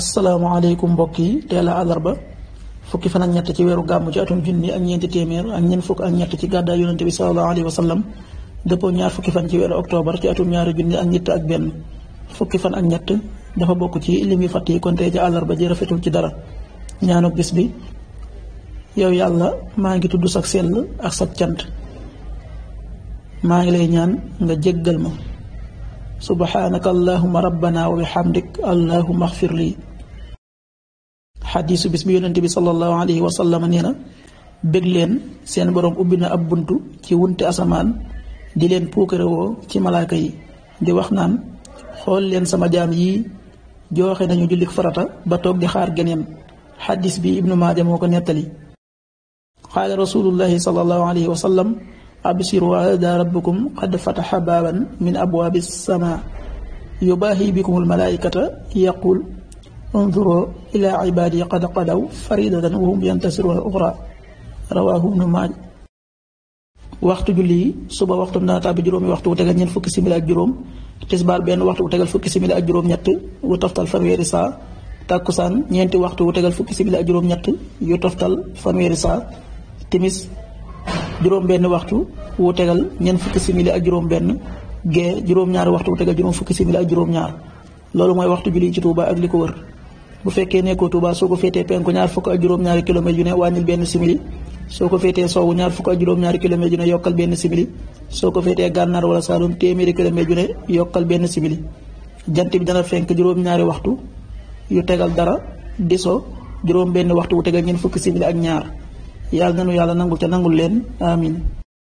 asalaamaaleykum mbokk yi teela a àllarba fukki fan ak ñett ci weeru gàmmu ci atum junni ak ñeenti téeméer ak ñeent fukk ak ñett ci gàddaay yonente bi sallallahu alayhi wa ñaar fukki fan ci weeru octobre ci atum ñaari junni ak ñett ak benn fukki fan ak ñett dafa bokk ci lim yu fàtt yi kon tey ci àllarba ji rafetul ci dara ñaanu bis bi yow yàlla maa ngi tudd sax sell ak sax cant maa ngi lay ñaan nga jéggal ma subhaanaka allahuma rabbana wa bihamdik allahuma axfir lii xadiisu bi bi yonente bi sallallahu alayhi wa sallam nee na bëgg leen seen boroom ubbi na ab buntu ci wunte asamaan di leen puukarewoo ci malaaka yi di wax naan xool leen sama jaam yi joxe nañu jullik farata ba toog di xaar geneem xadis bi ibnu maaja moo ko nettali qaala rasulullahi sallallahu alayhi wa sallam absiru hada rabbukum qad fataxa baaban min abwaabi sama yubaahi bikumul malaayikata yaqul انظروا إلى عبادي قد قدوا فريدة وهم ينتصرون الأخرى رواه a ماجه waxtu julli yi suba waxtu dana tàbbi juróomi waxtu wu tegal ñeent fukki simili ak juróom tisbaar benn waxtu wu tegal fukki simili ak juróom-ñett wu toftal fanweeri saa tàkkusaan ñeenti waxtu wu tegal fukki simili ak juróom-ñett yu toftal fanweeri saa timis juróom-benn waxtu wu tegal ñeent fukki simili ak juróom-benn gee ñaari waxtu wu tegal fukki simili ak juróom-ñaar loolu mooy waxtu julli ci Tuuba ak bu fekkee nekkoo Touba soo ko féetee penku ñaar fukk ak juróom-ñaari kilomètres yu ne wàññil benn simili soo ko féetee sowwu ñaar fukk ak juróom-ñaari kilomètres yu ne yokkal benn simili soo ko féetee gànnaar wala saalum téeméeri kilomètres ne yokkal benn simili jant bi dana fenk juróom-ñaari waxtu yu tegal dara di so juróom benn waxtu bu tegal ngeen fukki simili ak ñaar yàlla nanu yàlla nangul te nangul leen amin